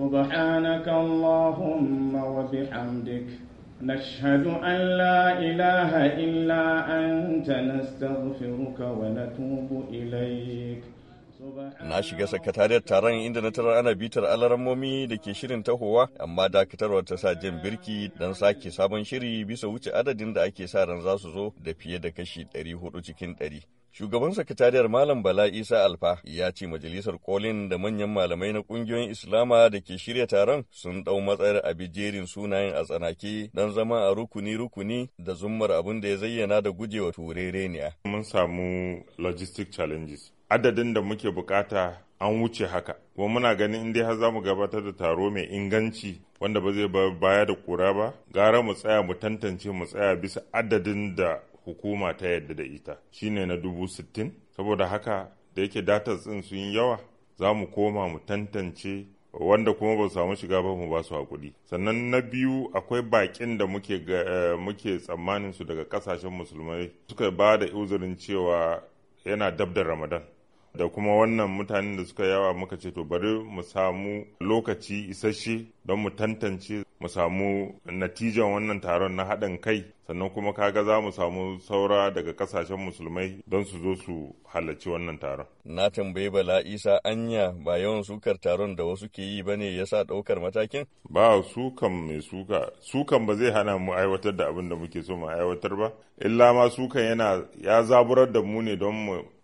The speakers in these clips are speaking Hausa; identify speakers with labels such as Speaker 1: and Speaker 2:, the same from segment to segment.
Speaker 1: سبحانك اللهم وبحمدك نشهد أن لا إله إلا أنت نستغفرك ونتوب إليك Na shiga sakatariyar taron inda na tarar ana bitar alarammomi da ke shirin tahowa, amma dakatarwar ta sa jan birki don sake sabon shiri bisa wuce adadin da ake sa ran za su zo da fiye da kashi 400 cikin 100. Shugaban sakatariyar Malam Bala Isa Alfa ya ce majalisar kolin da manyan malamai na ƙungiyoyin Islama da ke shirya taron sun ɗau matsayar abijerin sunayen a tsanaki don zama a rukuni-rukuni
Speaker 2: da zummar abin da ya zayyana da gujewa turere turereniya. Mun samu logistic challenges. Adadin da muke bukata an wuce haka. Kuma muna ganin in dai har za mu gabatar da taro mai inganci wanda ba zai baya da kura ba, gara mu tsaya mu tantance mu tsaya bisa adadin da hukuma ta yadda da ita shi ne na dubu sittin saboda haka da yake datar tsin sun yawa za mu koma mu tantance wanda kuma ba samu shiga ba mu ba su hakuri sannan na biyu akwai bakin da muke eh, muke tsammanin su daga kasashen musulmai suka ba da uzurin cewa yana dab da ramadan da kuma wannan mutanen da suka yawa muka ce to bari mu samu lokaci isasshe don mu tantance mu samu natijan wannan taron na haɗin kai sannan kuma kaga za mu samu saura daga kasashen musulmai don su zo su halarci wannan taron.
Speaker 1: Na tambayi Bala Isa Anya ba yawan sukar taron da wasu ke yi ba ne ya sa ɗaukar matakin?
Speaker 2: Ba sukan mai suka, sukan ba zai hana mu aiwatar da abin da muke so mu aiwatar ba, illa ma sukan yana ya zaburar da mu ne don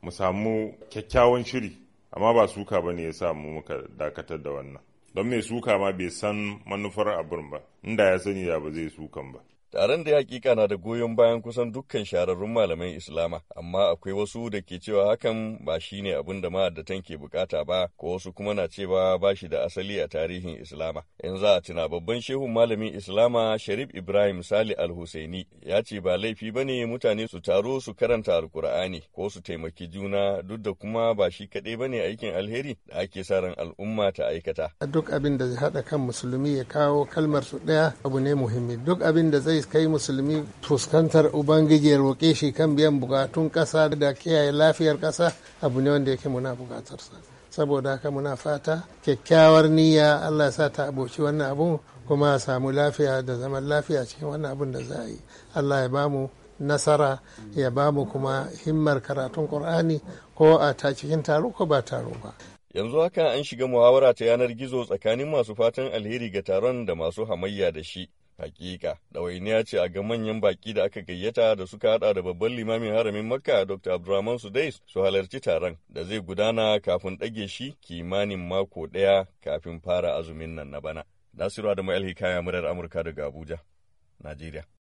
Speaker 2: mu samu kyakkyawan shiri, amma ba suka ba ne ya sa mu muka dakatar da wannan. don mai suka ma bai san manufar abin ba inda ya sani da ba zai sukan ba
Speaker 1: Taron da hakika na da goyon bayan kusan dukkan shahararrun malaman Islama, amma akwai wasu da ke cewa hakan ba shi ne abin da ma'addatan ke bukata ba, ko wasu kuma na cewa ba shi da asali a tarihin Islama. In za a tuna babban shehun malamin Islama Sharif Ibrahim Sali Al-Husaini ya ce ba laifi ba ne mutane su taro su karanta Alkur'ani ko su taimaki juna duk da kuma ba shi kaɗai ba ne aikin alheri da ake sa ran al'umma ta aikata.
Speaker 3: Duk abin da zai haɗa kan musulmi ya kawo kalmar su ɗaya abu ne muhimmi. Duk abin da zai zai kai musulmi fuskantar ubangiji ya roƙe shi kan biyan bukatun ƙasa da kiyaye lafiyar ƙasa abu ne wanda yake muna bukatarsa saboda haka muna fata kyakkyawar niyya allah sa ta aboci wannan abu kuma a samu lafiya da zaman lafiya cikin wannan abun da za a yi allah ya bamu nasara ya bamu kuma himmar karatun qur'ani ko a ta cikin taro ko ba taro ba
Speaker 1: yanzu haka an shiga muhawara ta yanar gizo tsakanin masu fatan alheri ga taron da masu hamayya da shi Hakika, ɗawainiya ce a ga manyan baki da aka gayyata da suka hada da babban limamin haramin Makka Dr. Abdulrahman Sudais su halarci taron da zai gudana kafin ɗage shi kimanin mako ɗaya kafin fara azumin nan na bana. Nasiru Adamu Alhikaya murar Amurka daga Abuja, Najeriya.